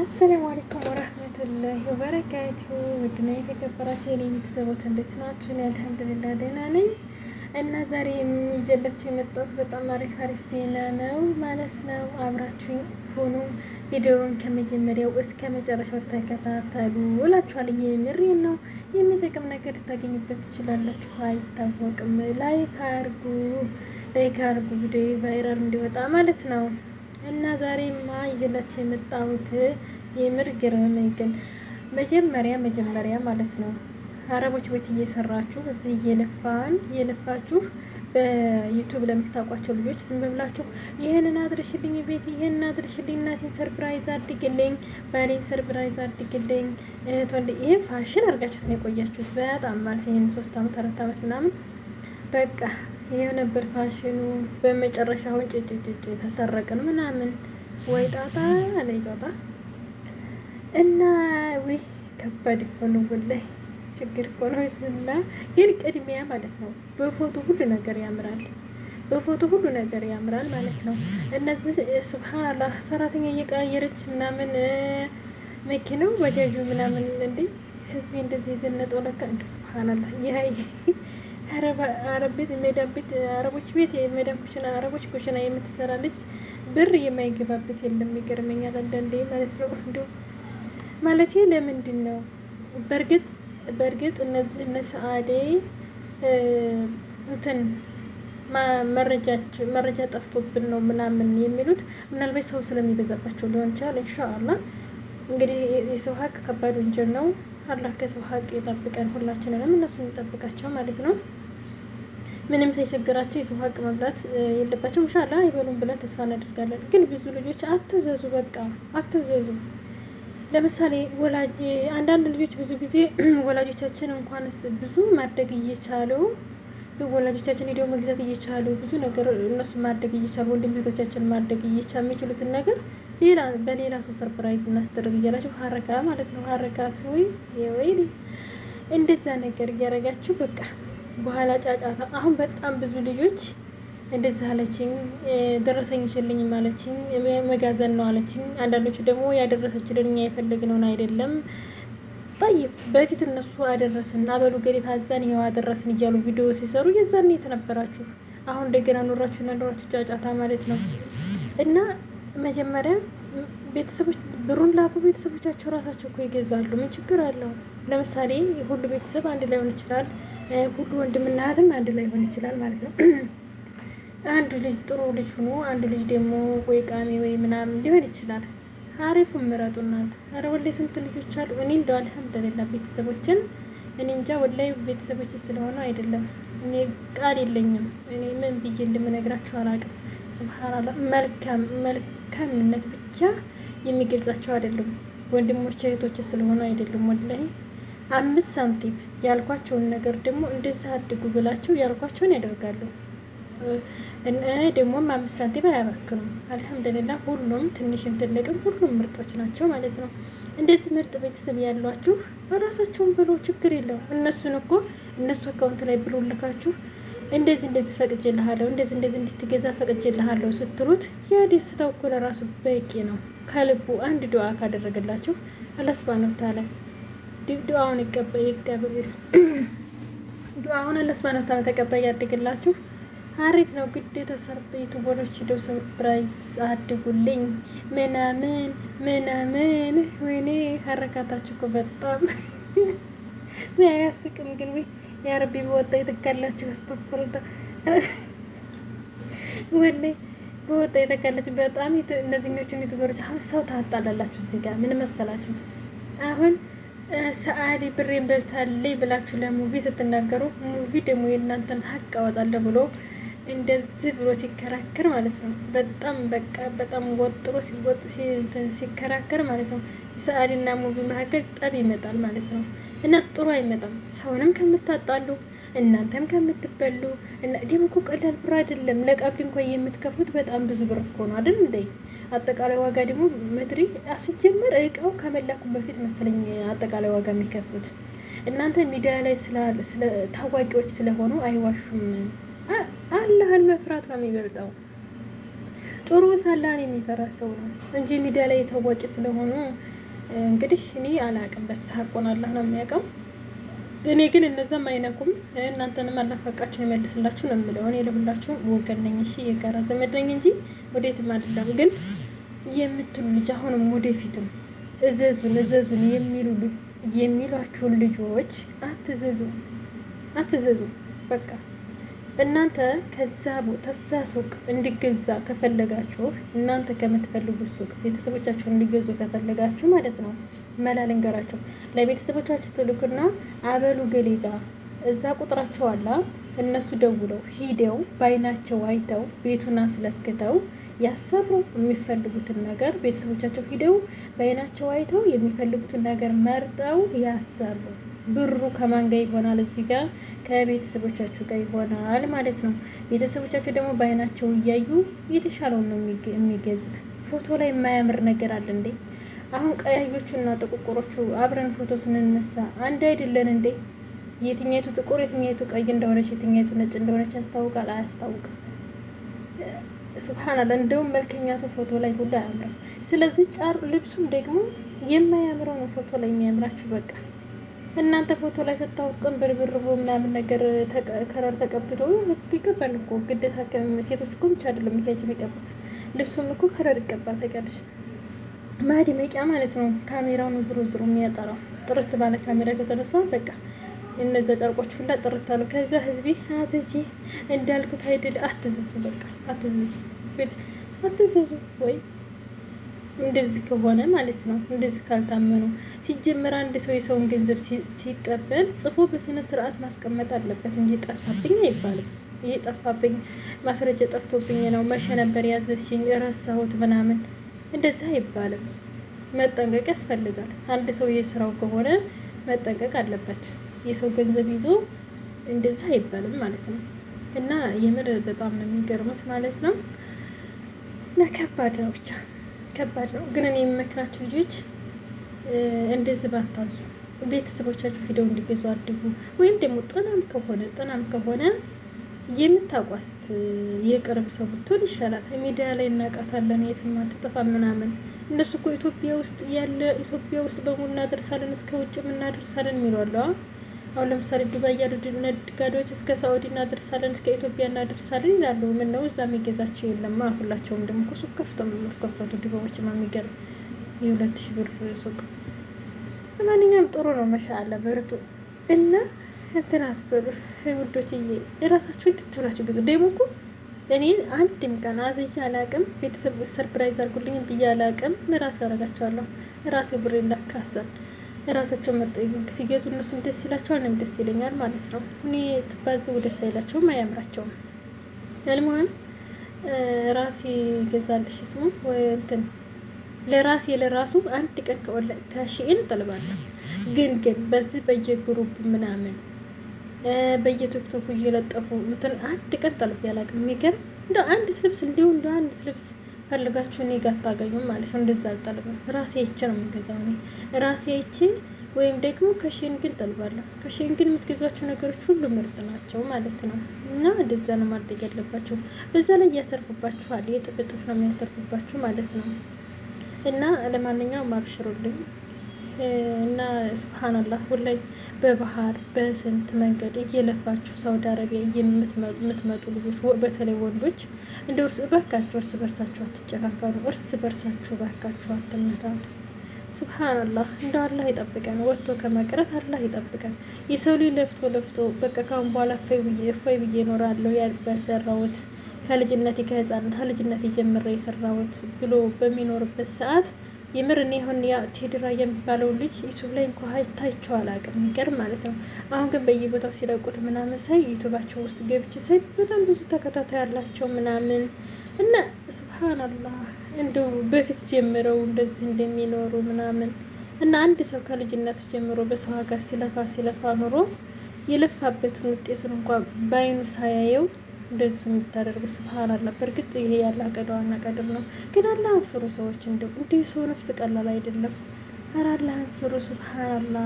አሰላሙ አለይኩም ወረህመቱላሂ ወበረካቱሁ ውድና የተከበራችሁ የኔ ቤተሰቦች እንዴት ናችሁ? እኔ አልሐምዱሊላህ ደህና ነኝ እና ዛሬ የሚጀለች የመጣሁት በጣም አሪፍ አሪፍ ዜና ነው ማለት ነው። አብራችሁኝ ሆኖ ቪዲዮውን ከመጀመሪያው እስከ መጨረሻው ተከታተሉ እላችኋል። የምሬ ነው። የሚጠቅም ነገር ልታገኙበት ትችላላችሁ፣ አይታወቅም። ላይክ አርጉ፣ ላይክ አርጉ፣ ቪዲዮ ቫይራል እንዲወጣ ማለት ነው። እና ዛሬማ ይዤላችሁ የመጣሁት የምር ግርም ግን መጀመሪያ መጀመሪያ ማለት ነው አረቦች ቤት እየሰራችሁ እዚህ እየለፋን እየለፋችሁ በዩቱብ ለምታውቋቸው ልጆች ዝም ብላችሁ ይህንን አድርሽልኝ ቤት ይህንን አድርሽልኝ፣ እናቴን ሰርፕራይዝ አድግልኝ፣ ባሌን ሰርፕራይዝ አድግልኝ፣ እህቶን ይህን ፋሽን አድርጋችሁት ነው የቆያችሁት። በጣም ማለት ይህን ሶስት አመት አራት አመት ምናምን በቃ ይኸው ነበር ፋሽኑ። በመጨረሻ በመጨረሻውን ጭጭጭጭ ተሰረቅን ምናምን ወይ ጣጣ አለ ጣጣ እና ዊ ከባድ እኮ ነው ወላሂ ችግር እኮ ነው። ዝና ግን ቅድሚያ ማለት ነው በፎቶ ሁሉ ነገር ያምራል፣ በፎቶ ሁሉ ነገር ያምራል ማለት ነው። እነዚህ ስብሓንላህ ሰራተኛ እየቀያየረች ምናምን መኪናው ባጃጁ ምናምን እንዴ ህዝቤ እንደዚህ የዘነጠው ለካ እንደ ይሄ አረቦች ቤት የሜዳም ኩሽና አረቦች ኩሽና የምትሰራ ልጅ ብር የማይገባበት የለም። ይገርመኛል አንዳንዴ ማለት ነው። እንዲ ማለት ለምንድን ነው? በእርግጥ በእርግጥ እነዚህ እነ ሰአዴ እንትን መረጃ ጠፍቶብን ነው ምናምን የሚሉት ምናልባት ሰው ስለሚበዛባቸው ሊሆን ይችላል። ኢንሻአላ እንግዲህ የሰው ሀቅ ከባድ ወንጀል ነው። አላህ ከሰው ሀቅ ይጠብቀን ሁላችንንም እነሱን ይጠብቃቸው ማለት ነው። ምንም ሳይቸግራቸው የሰው ሀቅ መብላት የለባቸው። እንሻላ ይበሉም ብለን ተስፋ እናደርጋለን። ግን ብዙ ልጆች አትዘዙ፣ በቃ አትዘዙ። ለምሳሌ አንዳንድ ልጆች ብዙ ጊዜ ወላጆቻችን እንኳንስ ብዙ ማደግ እየቻለው ወላጆቻችን ሄደው መግዛት እየቻሉ ብዙ ነገር እነሱ ማደግ እየቻሉ ወንድም እህቶቻችን ማደግ እየቻ የሚችሉትን ነገር ሌላ በሌላ ሰው ሰርፕራይዝ እናስደርግ እያላችሁ ሀረካ ማለት ነው ሀረካት ወይ ወይ እንደዛ ነገር እያረጋችሁ በቃ በኋላ ጫጫታ። አሁን በጣም ብዙ ልጆች እንደዚህ አለችኝ፣ ደረሰኝ ሽልኝም አለችኝ፣ መጋዘን ነው አለችኝ። አንዳንዶቹ ደግሞ ያደረሰችልን እኛ የፈለግነውን አይደለም ይ በፊት እነሱ አደረስን አበሉ ገሌ ታዛን ይኸው አደረስን እያሉ ቪዲዮ ሲሰሩ የዛን የተነበራችሁ አሁን እንደገና ኖራችሁ እና ኖራችሁ ጫጫታ ማለት ነው። እና መጀመሪያ ቤተሰቦች ብሩን ላኩ። ቤተሰቦቻቸው ራሳቸው እኮ ይገዛሉ። ምን ችግር አለው? ለምሳሌ ሁሉ ቤተሰብ አንድ ላይሆን ይችላል። ሁሉ ወንድምና እህትም አንድ ላይ ሆን ይችላል ማለት ነው። አንዱ ልጅ ጥሩ ልጅ ሆኖ አንዱ ልጅ ደግሞ ወይ ቃሚ ወይ ምናምን ሊሆን ይችላል። አሪፉ ምረጡ እናንተ። አረ ወላይ ስንት ልጆች አሉ። እኔ እንደው አልሐምዱሊላህ ቤተሰቦችን እኔ እንጃ ወላይ ቤተሰቦች ስለሆነ አይደለም እኔ ቃል የለኝም። እኔ ምን ብዬ እንደምነግራቸው አላውቅም። ስብሓናላ መልካም መልካምነት ብቻ የሚገልጻቸው አይደለም። ወንድሞች እህቶች ስለሆኑ አይደለም ወላሂ አምስት ሳንቲም ያልኳቸውን ነገር ደግሞ እንደዚህ አድጉ ብላቸው ያልኳቸውን ያደርጋሉ። እኔ ደግሞም አምስት ሳንቲም አያባክኑም። አልሐምዱሊላ ሁሉም ትንሽም ትልቅም ሁሉም ምርጦች ናቸው ማለት ነው። እንደዚህ ምርጥ ቤተሰብ ያሏችሁ በራሳችሁን ብሎ ችግር የለው። እነሱን እኮ እነሱ አካውንት ላይ ብሎ ልካችሁ እንደዚህ እንደዚህ ፈቅጄልሃለሁ፣ እንደዚህ እንደዚህ እንድትገዛ ፈቅጄልሃለሁ ስትሉት ያ ደስታው እኮ ለራሱ በቂ ነው። ከልቡ አንድ ዱዓ ካደረገላችሁ አላህ ሱብሃነሁ ወተዓላ ዱዓውን ዱዓውን አላህ ሱብሓነሁ ወተዓላ ተቀባይ ያድርግላችሁ። አሪፍ ነው ግዴታ ሰርቤቱ ወሮች ደው ሰርፕራይዝ አድጉልኝ ምናምን ምናምን። ወይኔ ሀረካታችሁ እኮ በጣም ያስቅም። ግን ወይ የአረቢ በወጣ የተካላችሁ አስተፍርዳ ወላሂ በወጣ የተካላችሁ በጣም እነዚህኞቹን ዩቱበሮች አሁን ሰው ታጣላላችሁ። እዚህ ጋር ምን መሰላችሁ አሁን ሰአሊ ብሬን በልታለይ ብላችሁ ለሙቪ ስትናገሩ ሙቪ ደግሞ የእናንተን ሀቅ አወጣለሁ ብሎ እንደዚህ ብሎ ሲከራከር ማለት ነው። በጣም በቃ በጣም ወጥሮ ሲወጥ ሲከራከር ማለት ነው። እና ሙቪ መካከል ጠብ ይመጣል ማለት ነው። እና ጥሩ አይመጣም። ሰውንም ከምታጣሉ እናንተም ከምትበሉ እና ደግሞ እኮ ቀላል ብር አይደለም። ለቀብድ እንኳን የምትከፍሉት በጣም ብዙ ብር እኮ ነው አይደል እንዴ? አጠቃላይ ዋጋ ደግሞ ምድሪ አስጀመር እቃው ከመላኩ በፊት መሰለኝ አጠቃላይ ዋጋ የሚከፍሉት እናንተ ሚዲያ ላይ ታዋቂዎች ስለሆኑ አይዋሹም። አላህን መፍራት ነው የሚበልጠው። ጥሩ ሳላን የሚፈራ ሰው ነው እንጂ ሚዲያ ላይ ታዋቂ ስለሆኑ እንግዲህ እኔ አላቅም በሳቆን አላህ ነው የሚያውቀው። እኔ ግን እነዛም አይነኩም እናንተንም አላህ ሀቃችሁን ይመልስላችሁ ነው የምለው። እኔ ለሁላችሁም ወገን ነኝ፣ እሺ የጋራ ዘመድ ነኝ እንጂ ወዴትም አይደለም። ግን የምትሉ ልጅ አሁንም ወደፊትም እዘዙን እዘዙን የሚሉ የሚሏችሁን ልጆች አትዘዙ አትዘዙ በቃ እናንተ ከዛ ተዛ ሱቅ እንዲገዛ ከፈለጋችሁ እናንተ ከምትፈልጉት ሱቅ ቤተሰቦቻችሁ እንዲገዙ ከፈለጋችሁ ማለት ነው፣ መላ ልንገራችሁ። ለቤተሰቦቻችሁ ትልኩና አበሉ ገሌ እዛ ቁጥራቸው አለ። እነሱ ደውለው ሂደው በአይናቸው አይተው ቤቱን አስለክተው ያሰሩ የሚፈልጉትን ነገር ቤተሰቦቻቸው ሂደው በአይናቸው አይተው የሚፈልጉትን ነገር መርጠው ያሰሩ። ብሩ ከማን ጋር ይሆናል? እዚህ ጋር ከቤተሰቦቻችሁ ጋር ይሆናል ማለት ነው። ቤተሰቦቻችሁ ደግሞ በአይናቸው እያዩ የተሻለውን ነው የሚገዙት። ፎቶ ላይ የማያምር ነገር አለ እንዴ? አሁን ቀያዮቹ ና ጥቁቁሮቹ አብረን ፎቶ ስንነሳ አንድ አይደለን እንዴ? የትኛቱ ጥቁር የትኛቱ ቀይ እንደሆነች የትኛቱ ነጭ እንደሆነች ያስታውቃል? አያስታውቅም? ስብሓናላ እንደውም መልከኛ ሰው ፎቶ ላይ ሁሉ አያምርም። ስለዚህ ጫር ልብሱም ደግሞ የማያምረው ነው ፎቶ ላይ የሚያምራችሁ በቃ እናንተ ፎቶ ላይ ስታወት ቀን ብርብር ምናምን ነገር ከረር ተቀብቶ ይቀባል እኮ ግዴታ። ሴቶች እኮ ብቻ አይደለም ሚካጅ የሚቀቡት ልብሱም እኮ ከረር ይቀባል። ተቀልሽ መቂያ ማለት ነው። ካሜራውን ዝሮ ዝሮ የሚያጠራው ጥርት ባለ ካሜራ ከተነሳ በቃ እነዛ ጨርቆች ሁላ ጥርት አሉ። ከዚያ ህዝቢ አዘጂ እንዳልኩት አይደል? አትዘዙ፣ በቃ አትዘዙ፣ አትዘዙ ወይ እንደዚህ ከሆነ ማለት ነው። እንደዚህ ካልታመኑ ሲጀመር አንድ ሰው የሰውን ገንዘብ ሲቀበል ጽፎ በስነ ስርዓት ማስቀመጥ አለበት እንጂ ጠፋብኝ አይባልም። ይሄ ጠፋብኝ ማስረጃ ጠፍቶብኝ ነው፣ መሸ ነበር ያዘሽኝ፣ ረሳሁት ምናምን እንደዚህ አይባልም። መጠንቀቅ ያስፈልጋል። አንድ ሰው የስራው ከሆነ መጠንቀቅ አለበት። የሰው ገንዘብ ይዞ እንደዚህ አይባልም ማለት ነው። እና የምር በጣም ነው የሚገርሙት ማለት ነው። እና ከባድ ነው ብቻ ከባድ ነው። ግን እኔ የምመክራችሁ ልጆች እንደዚህ ባታዙ፣ ቤተሰቦቻችሁ ሂደው እንዲገዙ አድጉ። ወይም ደግሞ ጥናም ከሆነ ጥናም ከሆነ የምታቋስት የቅርብ ሰው ብትሆን ይሻላል። ሚዲያ ላይ እናቃታለን የትም አትጠፋም ምናምን። እነሱ እኮ ኢትዮጵያ ውስጥ ያለ ኢትዮጵያ ውስጥ በሙሉ እናደርሳለን እስከ ውጭ እናደርሳለን የሚሏለዋ አሁን ለምሳሌ ዱባይ ያሉ ነጋዴዎች እስከ ሳኡዲ እናደርሳለን እስከ ኢትዮጵያ እናደርሳለን ይላሉ። ምን ነው እዛ የሚገዛቸው የለም። ሁላቸውም ደግሞ ሱቅ ከፍቶ ከፈቱ ድባዎች የሚገርም የሁለት ሺህ ብር ሱቅ። ለማንኛውም ጥሩ ነው። መሻአላ በርቱ እና እንትን አትበሉ ውዶችዬ፣ የራሳችሁን ትችላችሁ ብዙ ደግሞ እኮ እኔ አንድም ቀን አዝዤ አላቅም። ቤተሰብ ሰርፕራይዝ አርጉልኝ ብዬ አላቅም። ራሴ ያደርጋቸዋለሁ ራሴ ብሬ እንዳካሰል ራሳቸው መጠየቅ ሲገዙ እነሱም ደስ ይላቸዋል፣ እኔም ደስ ይለኛል ማለት ነው። እኔ ትባዝቡ ደስ አይላቸውም፣ አያምራቸውም። ያልመሆን ራሴ ገዛልሽ ስሙ ወይ እንትን ለራሴ ለራሱ አንድ ቀን ከሺኤን እጠልባለሁ። ግን ግን በዚህ በየግሩፕ ምናምን በየቲክቶኩ እየለጠፉ እንትን አንድ ቀን ጠልቤ አላውቅም። የሚገርም እንደ አንድ ልብስ እንዲሁ እንደ አንድ ልብስ ፈልጋችሁ እኔ ጋር አታገኙም ማለት ነው። እንደዛ አልጠልብም። ራሴ ይቺ ነው የምገዛው እኔ ራሴ ይቺ ወይም ደግሞ ከሸንግል ጠልባለሁ። ግን የምትገዛቸው ነገሮች ሁሉ ምርጥ ናቸው ማለት ነው። እና እንደዛ ነው ማድረግ ያለባቸው። በዛ ላይ እያተርፉባችኋል። የጥፍጥፍ ነው የሚያተርፉባችሁ ማለት ነው። እና ለማንኛውም አብሽሩልኝ። እና ስብሓናላህ ሁላይ በባህር በስንት መንገድ እየለፋችሁ ሳውዲ አረቢያ የምትመጡ ልጆች በተለይ ወንዶች እንደ እርስ እባካችሁ እርስ በርሳችሁ አትጨካከሉ። እርስ በርሳችሁ እባካችሁ አትመታሉ። ስብሓናላህ እንደ አላህ ይጠብቀን፣ ወጥቶ ከመቅረት አላህ ይጠብቀን። የሰው ልጅ ለፍቶ ለፍቶ በቃ ካሁን በኋላ እፎይ ብዬ እፎይ ብዬ እኖራለሁ በሰራሁት ከልጅነት ከህፃነት ከልጅነት ጀምሬ የሰራሁት ብሎ በሚኖርበት ሰዓት የምር እኔ አሁን ቴድራ የሚባለውን ልጅ ዩቱብ ላይ እንኳ ታይቼው አላውቅም፣ የሚገርም ማለት ነው። አሁን ግን በየቦታው ሲለቁት ምናምን ሳይ ዩቱባቸው ውስጥ ገብቼ ሳይ በጣም ብዙ ተከታታይ ያላቸው ምናምን እና ስብሓንላህ እንደው በፊት ጀምረው እንደዚህ እንደሚኖሩ ምናምን እና አንድ ሰው ከልጅነቱ ጀምሮ በሰው ሀገር ሲለፋ ሲለፋ ኑሮ የለፋበትን ውጤቱን እንኳ በአይኑ ሳያየው እንደዚህ የምታደርጉ ስብሀን አላ። በእርግጥ ይሄ ያለ ቀድ ዋና ቀድር ነው፣ ግን አላ አንፍሩ ሰዎች። እንደው እንዲህ ሰው ነፍስ ቀላል አይደለም። ኧረ አላ አንፍሩ ስብሀን አላ።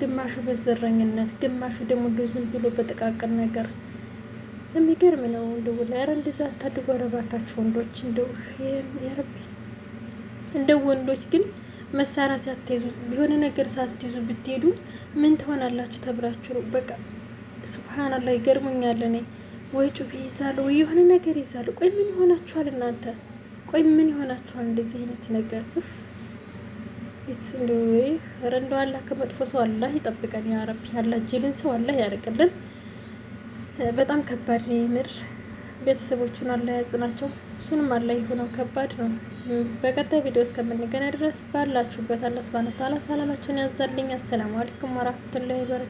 ግማሹ በዘረኝነት፣ ግማሹ ደግሞ እንደ ዝም ብሎ በጥቃቅን ነገር የሚገርም ነው። እንደው ኧረ እንደዛ አታድጉ እባካችሁ ወንዶች። እንደው ያረቢ እንደ ወንዶች ግን መሳሪያ ሳትይዙ የሆነ ነገር ሳትይዙ ብትሄዱ ምን ትሆናላችሁ ተብላችሁ ነው። በቃ ስብሀናላ ይገርሙኛል እኔ ወይ ጩቤ ይዛሉ ወይ የሆነ ነገር ይዛሉ። ቆይ ምን ይሆናችኋል እናንተ? ቆይ ምን ይሆናችኋል? እንደዚህ አይነት ነገር ኧረ እንደው አላህ ከመጥፎ ሰው አላ ይጠብቀን። ያረብ ያላ ያላህ ጅልን ሰው አላ ያርቅልን። በጣም ከባድ ነው የምር። ቤተሰቦቹን አላህ ያጽናቸው፣ እሱንም አላ የሆነው ከባድ ነው። በቀጣይ ቪዲዮ እስከምንገናኝ ድረስ ባላችሁበት አላህ ሱብሃነሁ ሰላማችሁን ያዛልኝ። አሰላሙ አለይኩም ወራህመቱላሂ ወበረካቱ